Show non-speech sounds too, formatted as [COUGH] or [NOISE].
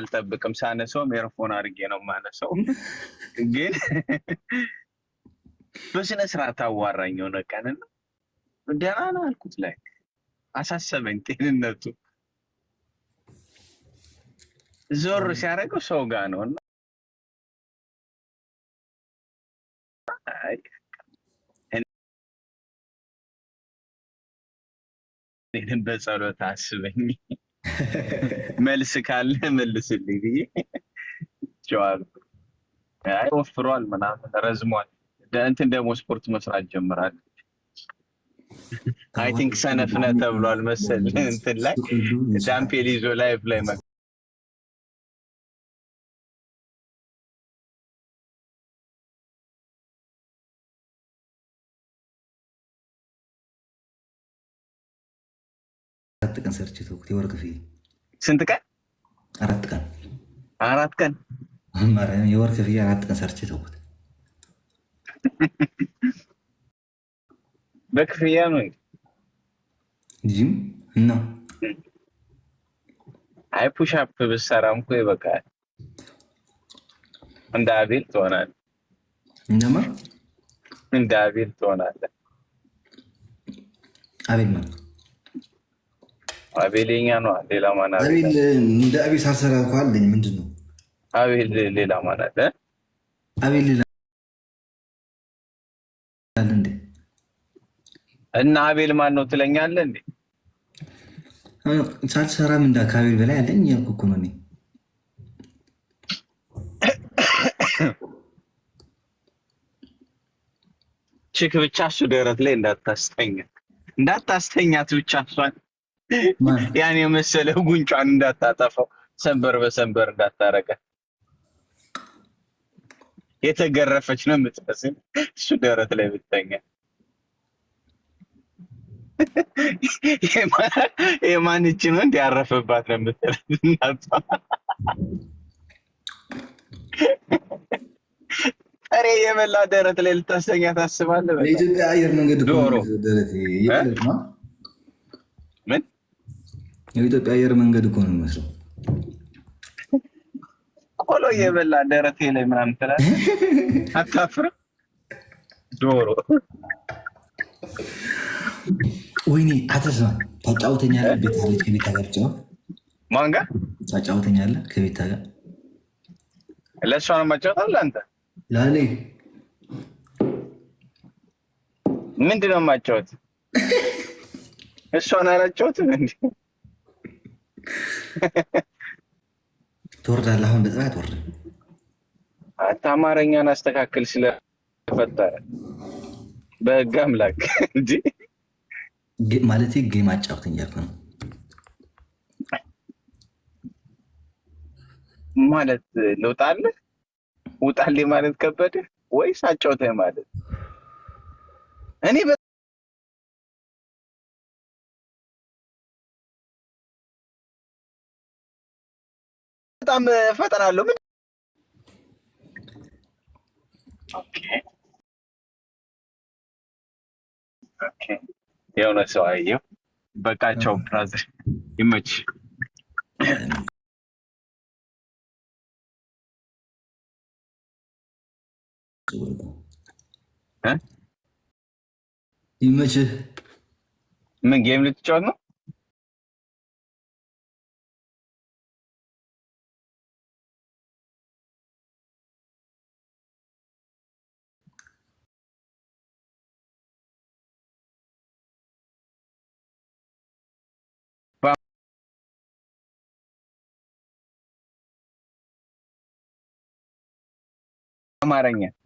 አልጠብቅም። ሳነሰውም ኤርፎን አድርጌ ነው ማነሰው። ግን በስነ ስርዓት አዋራኝ የሆነ ቀን ደህና ነው አልኩት። ላይ አሳሰበኝ ጤንነቱ ዞር ሲያደርገው ሰው ጋ ነው እና በጸሎት አስበኝ። [LAUGHS] መልስ ካለ መልስልኝ ብዬ ጨዋል አይ ወፍሯል ምናምን ረዝሟል። እንትን ደግሞ ስፖርት መስራት ጀምራል። አይ ቲንክ ሰነፍነ ተብሏል መሰል እንትን ላይ ዳምፔሊዞ ላይፍ ላይ አራት ቀን ሰርች ተውኩት። የወር ክፍያ ስንት ቀን? አራት ቀን አራት ቀን የወር ክፍያ አራት ቀን ሰርች ተውኩት። በክፍያ ነው ጂም እና አይ ፑሻፕ ብሰራም እኮ ይበቃል። እንደ አቤል ትሆናለህ። እንደማ እንደ አቤል ትሆናለህ። አቤል ማለት አቤሌኛ ነው። ሌላ ማን አለ? እንደ አቤል ሳልሰራ እኮ አለኝ። ምንድን ነው አቤል? ሌላ ማን አለ? አቤል ሌላ እንዴ? እና አቤል ማን ነው ትለኛለህ እንዴ? ሳልሰራም እንደ ከአቤል በላይ አለኝ እያልኩ እኮ ነው እኔ። ብቻ እሱ ደረት ላይ እንዳታስተኛ እንዳታስተኛት ብቻ እሷን [LAUGHS] ያን የመሰለ ጉንጯን እንዳታጠፈው ሰንበር በሰንበር እንዳታረቀ የተገረፈች ነው የምትመስል እሱ ደረት ላይ ብተኛ [LAUGHS] የማንች ነው እንዲ ያረፈባት ነው የምትል [LAUGHS] እናቷ ጥሬ የበላ ደረት ላይ ልታሰኛ ታስባለህ። በኢትዮጵያ አየር መንገድ ዶሮ የኢትዮጵያ አየር መንገድ እኮ ነው የሚመስለው። ቆሎ እየበላ ደረቴ ላይ ምናምን ትላለህ። አታፍርም? ዶሮ ወይኔ አተስማ ታጫውተኛለህ። ቤት ልጅ ከቤት ጋር ጫወት። ማን ጋር ታጫውተኛለህ? ከቤት ጋር ለእሷ ነው ማጫወታል። አንተ ላሌ ምንድን ነው ማጫወት? እሷን አላጫወትም እንዲ ትወርዳለህ። አሁን በዛ አትወርድም። አማርኛን አስተካክል ስለፈጠረ በህግ አምላክ [LAUGHS] እንጂ ማለት ጌም አጫውተኝ እያልኩ ነው። ማለት ልውጣልህ ውጣልህ ማለት ከበደ ወይስ አጫውተህ ማለት እኔ በጣም እፈጠናለሁ። ምን የሆነ ሰው አየው። በቃቸው ብራዘር፣ ይመች ይመችህ። ምን ጌም ልትጫወት ነው? maranhão